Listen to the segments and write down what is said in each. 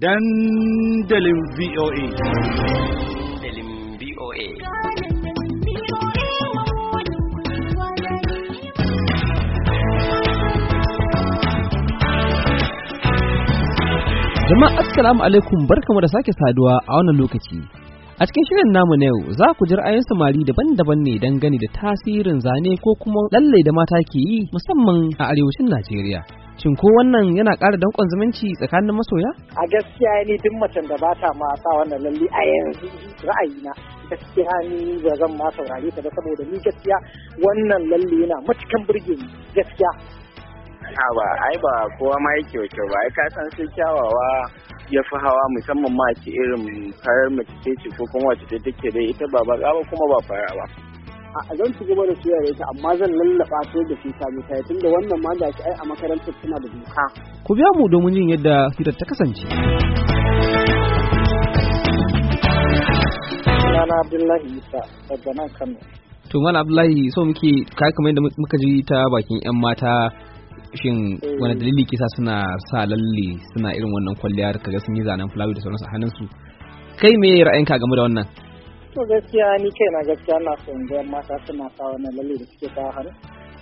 dandalin VOA. Dandalin VOA. Jama'a assalamu alaikum barkamu da sake saduwa a wannan lokaci. A cikin shirin namu na yau za ku ji ra'ayin samari daban-daban ne dangane da tasirin zane ko kuma lallai da mata ke yi musamman a arewacin Najeriya. Shin ko wannan yana ƙara danƙon zumunci tsakanin masoya? A gaskiya ni duk macen da ba ta ma sa wannan lalle a yanzu ra'ayina gaskiya ni ba zan ma saurare ta ba saboda ni gaskiya wannan lalle yana matukan burge ni gaskiya. A ba, ai ba kowa ma yake kyau ba, ai ka san sai kyawawa ya fi hawa musamman ma ce irin farar mace ce ko kuma wace ce take dai ita ba ba kuma ba fara ba. a zan ci gaba da soya da ita amma zan lallaba ta da shi mai ta tunda wannan ma da shi ai a makarantar tana da doka ku biya mu domin jin yadda fitar ta kasance Sunana Abdullahi Isa daga nan Kano. to mana abdullahi so muke kai kamar yadda muka ji ta bakin yan mata shin wani eh. dalili kisa suna sa lalle suna irin wannan kwalliya kaga sun yi zanen fulawi da sauransu a hannunsu kai me ra'ayinka game da wannan to gaskiya ni kai na gaskiya na son ga mata suna sa wannan lalle da suke kawo hannu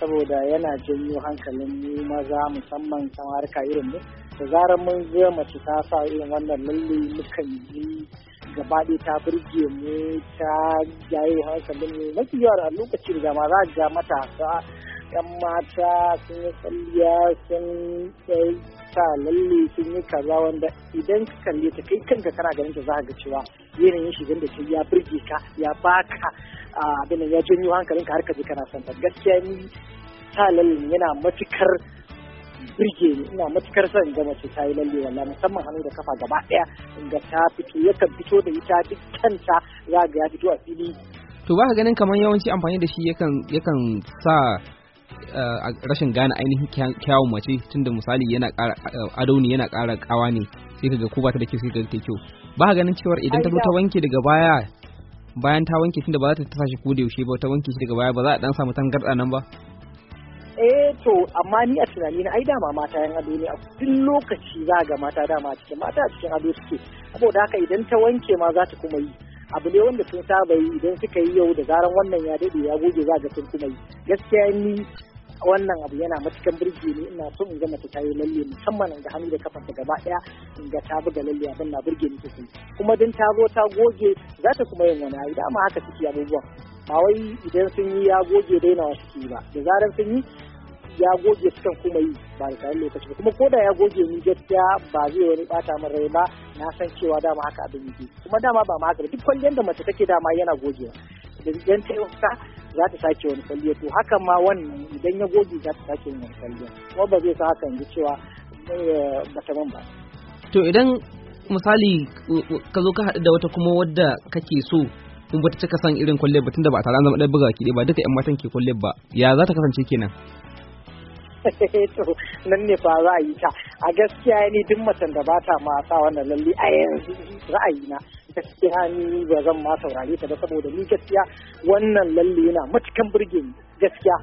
saboda yana janyo hankalin mu maza musamman kan harka irin ne da zarar mun ga mace ta sa irin wannan lalle mukan yi da ta burge mu ta jaye hankalin mu mafi yawa a lokacin da ma za ga matasa yan mata sun yi tsalliya sun sa lalle sun yi kaza wanda idan ka kalle ta kai kanka kana ganin ta za ka ga cewa yanayin shigan da ke ya birge ka ya baka abin ya janyo hankalinka har ka je kana son ta gaskiya ni ta lallin yana matukar birge ni ina matukar son ga mace ta yi lalle wallahi musamman hannu da kafa gaba daya ga ta fito yakan fito da ita duk kanta za ga ya fito a fili to ba ka ganin kamar yawanci amfani da shi yakan yakan sa rashin gane ainihin kyawun mace tunda misali yana ƙara adauni yana ƙara ƙawa ne sai ka ga ko ba ta da kyau sai ka ga kyau ba ganin cewar idan ta zo ta wanke daga baya bayan ta wanke tunda ba za ta tasa shi ko da yaushe ba ta wanke shi daga baya ba za a dan samu tangarda nan ba eh to amma ni a tunani na ai dama mata yan ado ne a duk lokaci za ga mata dama cikin mata a cikin ado suke saboda haka idan ta wanke ma za ta kuma yi abu ne wanda sun saba yi idan suka yi yau da zaran wannan ya dade ya goge za ga sun kuma yi gaskiya ni wannan abu yana matukan birge ni ina so in ga mace ta yi lalle musamman ga hannu da kafar ta gaba daya in ga ta buga lalle abin na birge ni sosai kuma din ta zo ta goge za ta kuma yin wani abu dama haka suke abubuwan ba wai idan sun yi ya goge wasu suke ba da zarar sun yi ya goge sukan kuma yi ba da tsarin lokaci ba kuma koda ya goge ni gaskiya ba zai wani bata min rai ba na san cewa dama haka abin yake kuma dama ba ma haka duk kwalliyar da mace take dama yana gogewa da ta yi wasa za ta sake wani kwalliya to hakan ma wannan idan ya goge za ta sake wani kwalliya kuma ba zai sa hakan ji cewa eh, ba ta ba. To idan misali ka zo ka haɗu da wata kuma wadda kake so kun bata cika san irin kwalliya ba tunda ba tare an zama ɗaya buga ki ba duka yan matan ke kwalliya ba ya za ta kasance kenan to nan ne fa ra'ayi ta a gaskiya ni duk macen da ba ta ma sa wannan lalle a yanzu ra'ayi na gaskiya ni ba zan ma saurare ta ba saboda ni gaskiya wannan lalle yana matukan burge ni gaskiya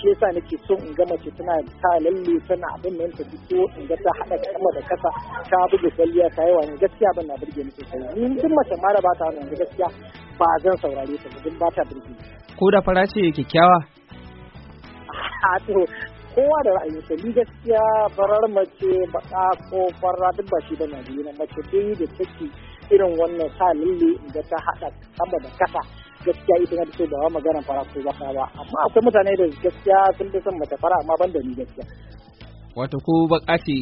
shi yasa nake so in ga mace tana ta lalle tana abin nan ta fito in ga ta hada kama da kasa ta buga kwalliya ta yawa ne gaskiya ban na burge ni sosai ni duk mace ma da ba ta wani gaskiya ba zan saurare ta ba ba ta burge ko da fara ce kyakkyawa a to kowa da ra'ayinsa ni gaskiya farar mace baƙa ko farra duk ba shi da na mace dai da take irin wannan sa lalle da ta haɗa sama da kasa gaskiya ita na so ba magana fara ko baka ba amma akwai mutane da gaskiya sun fi son mace fara amma ban da ni gaskiya wato ko baka ce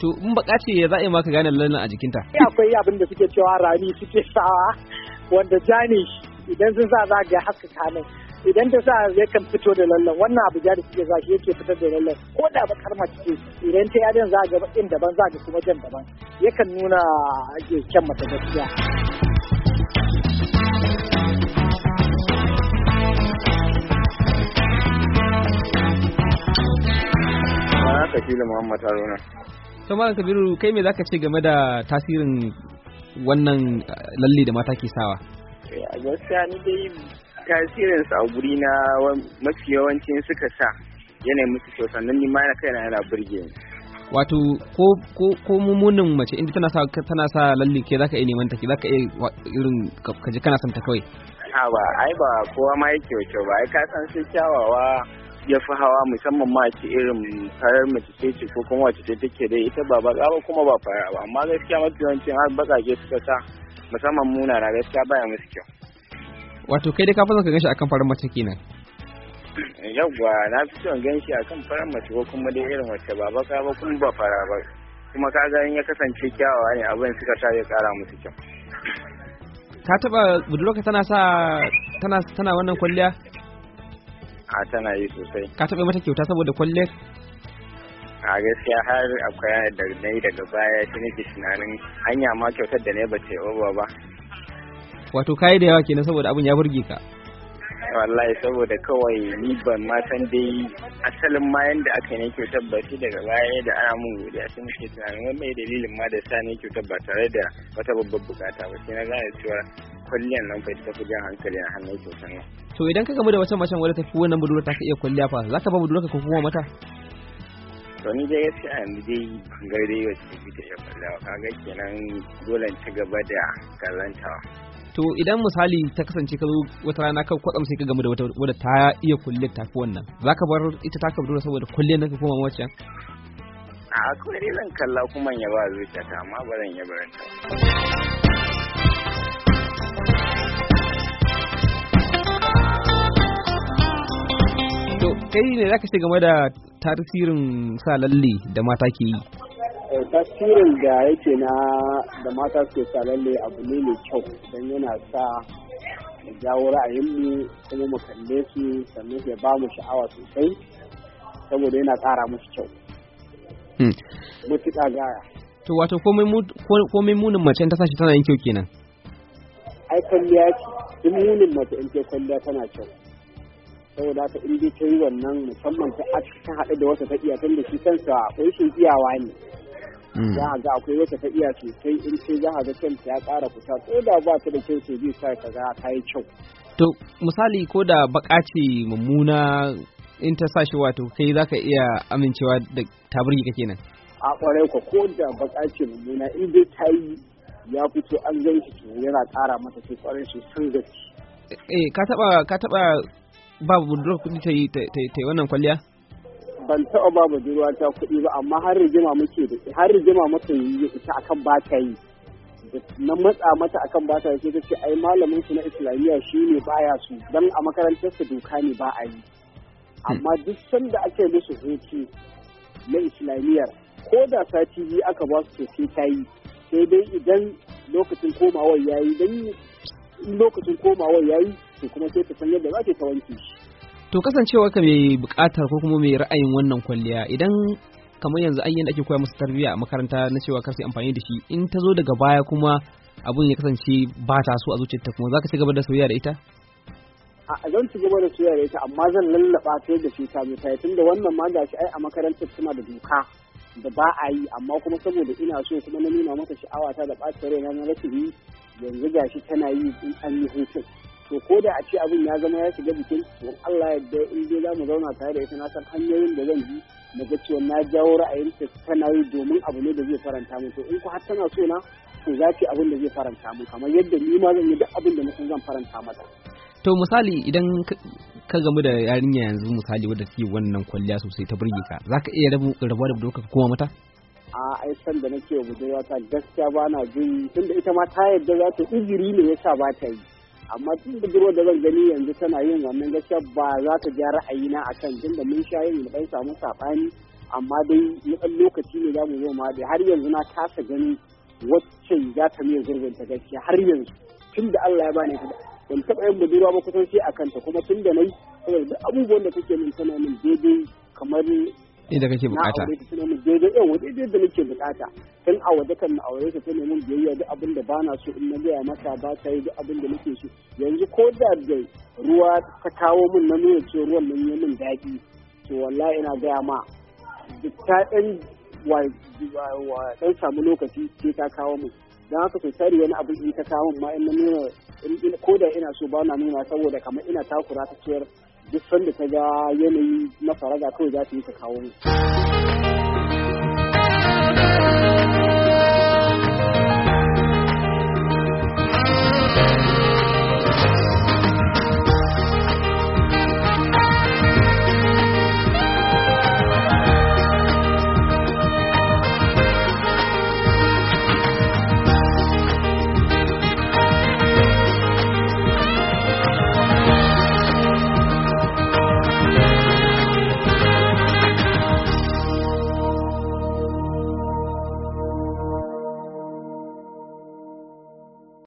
to in baka ce ya za'a maka gane lallan a jikinta akwai abin da suke cewa rani suke sawa wanda jani idan sun sa za ga haska kanin idan ta sa yakan fito da lallon wannan abu da suke za shi yake fitar da lallon ko da bakar karma ce idan ta yadin za ga in daban za ga kuma jan daban yakan nuna ake kyan mata gaskiya Mana Kabiru Muhammad Haruna. To Malam Kabiru kai me zaka ce game da tasirin wannan eh, lalle da mata ke sawa? Eh, a gaskiya ni dai tasirinsu a guri na mafi yawancin suka sa yanayin musu kyau sannan ni ma na kaina yana burge ni wato ko ko ko mace inda tana sa tana sa lalle ke zaka iya neman ta ke zaka iya irin kaje kana son ta kawai a ba ai ba kowa ma yake wace ba ai ka san sai kyawawa ya fi hawa musamman ma ce irin farar mace ce ce ko kuma wace ce take da ita ba baka ba kuma ba fara ba amma gaskiya mafi yawancin har bakake suka sa musamman muna na gaskiya baya musu kyau wato kai dai ka fi son ka ganshi akan farin mace kenan yawwa na fi son ganshi akan farin mace ko kuma dai irin wacce ba baka ba kuma ba fara ba kuma ka ga ya kasance kyawawa ne abin suka sa ya kara musu kyau ka taba budurwarka tana sa tana tana wannan kwalliya a tana yi sosai ka taba mata kyauta saboda kwalliyar a gaskiya har akwai da na yi daga baya shi nake tunanin hanya ma kyautar da ne ba ce ba ba wato kayi da yawa kenan saboda abin ya burge ka wallahi saboda kawai ni ban ma san dai asalin ma yanda aka ne kyau tabbaci daga baya da ana mun a sai ke tunanin wani mai dalilin ma da sa ne kyau ba tare da wata babbar bukata ba sai na gane cewa kwalliyar nan bai ta fi jan hankali a hannun kyau sannan. to idan ka gamu da wata macen wadda ta fi wannan budurwa ta ka iya kwalliya fa za ka ba budurwa ka kuma mata. to ni dai gaskiya yanzu dai gari dai wacce ta ta iya kwalliya ga kenan dole ci gaba da kazantawa. to idan misali ta kasance ka zo wata rana ka kwatsam sai ka gamu da wata wadda ta iya kulle tafi wannan za ka bar ita ta kabdura saboda kulle na ka koma waccan a akwai dai zan kalla kuma ya ba zuciya ta amma ba zan yi baranta ta to kai ne za ka ce game da tasirin sa lalle da mata ke yi Eh, tasirin da yake na da mata suke salalle abu ne mai kyau don yana sa mu jawo ra'ayinmu kuma mu kalle su sannan ya ba mu sha'awa sosai saboda yana ƙara musu kyau. Mutuƙa hmm. gaya. To wato komai munin mace ta sashi tana yin kyau kenan. Ai kwalliya ce, duk munin mace in ce kwalliya tana kyau. Saboda haka in dai ta yi wannan musamman ta haɗu da wata ta iya tun da shi kansa ƙunshin iyawa ne. Mm. za a ga akwai wata ta iya sosai in ce za a ga ta ya kara kusa ko da ba ta da kyau sai zai sa ka ga ta yi kyau. To misali ko da baƙa ce mummuna in ta sashi wato kai za ka iya amincewa da tabirgi kake nan. A kwarai ko ko da baƙa ce mummuna in dai ta yi ya fito an gan shi to yana kara mata sai kwarai sosai gaske. Eh ka taɓa ka taɓa ba budurwar kuɗi ta yi wannan kwalliya? ban taɓa ba budurwa kuɗi ba amma har rigima muke da har rigima mata yi ita akan ba ta yi na matsa mata akan ba ta yi ta ce ai malamin su na islamiyya ne baya su dan a makarantar su doka ne ba a yi hmm. amma duk sanda ake musu hutu na islamiyyar ko da sati biyu aka ba su sai ta yi sai dai idan lokacin komawar yayi dan lokacin komawar yayi to kuma sai ta san yadda za ta wanke shi to kasancewa ka mai bukatar ko kuma mai ra'ayin wannan kwalliya idan kamar yanzu an yi ake koya musu tarbiyya a makaranta na cewa kar su amfani da shi in ta zo daga baya kuma abun ya kasance ba ta so a zuciyarta kuma za ka ci gaba da soyayya da ita a zan ci gaba da soyayya da ita amma zan lallaba ta da shi ta mai tun da wannan ma gashi ai a makarantar suna da doka da ba a yi amma kuma saboda ina so kuma na nuna mata sha'awa ta da ɓacin rai na rashin yi yanzu gashi tana yi in an yi hutun to ko da a ce abin ya zama ya shiga jikin don Allah da in dai za mu zauna tare da ita na san hanyoyin da zan bi na ga cewa na jawo ra'ayinta tana yi domin abu ne da zai faranta min to in ko har tana so na to za ki abin da zai faranta min kamar yadda ni ma zan yi duk abin da mutum zan faranta mata to misali idan ka gamu da yarinya yanzu misali wadda take wannan kwalliya sosai ta burge ka zaka iya rabu rabuwa da doka kuma mata a ai san da nake wa budurwa ta gaskiya ba na jin tunda ita ma ta yadda za ta iziri ne sa ba ta yi amma tun duro da zan gani yanzu tana yin wannan gaskiya ba za ta ja a akan tun da mun sha yin da samu saɓani amma dai na ɗan lokaci ne za mu zo ma dai har yanzu na kasa gani wacce za ta mai ta gaskiya har yanzu tun da Allah ya bani ta ban taɓa yin budurwa ba kusan sai a kanta kuma tun da na yi abubuwan da take min tana min daidai kamar da kake bukata. Na aure ta nemi daidai yawa daidai da nake bukata. Tun a waje kan na aure ta ta nemi biyayya duk abin da bana so in na gaya mata ba ta yi duk abin da nake so. Yanzu ko da da ruwa ta kawo min na nuna cewa ruwan nan yi min daɗi. To wallahi ina gaya ma duk ta ɗan wa ɗan samu lokaci sai ta kawo min. Don haka sai tare wani abin in ta kawo min ma in na nuna ko da ina so ba na nuna saboda kamar ina takura ta ciyar duk sanda ta ga yanayi na faraga kawai za ta yi ta kawo mu.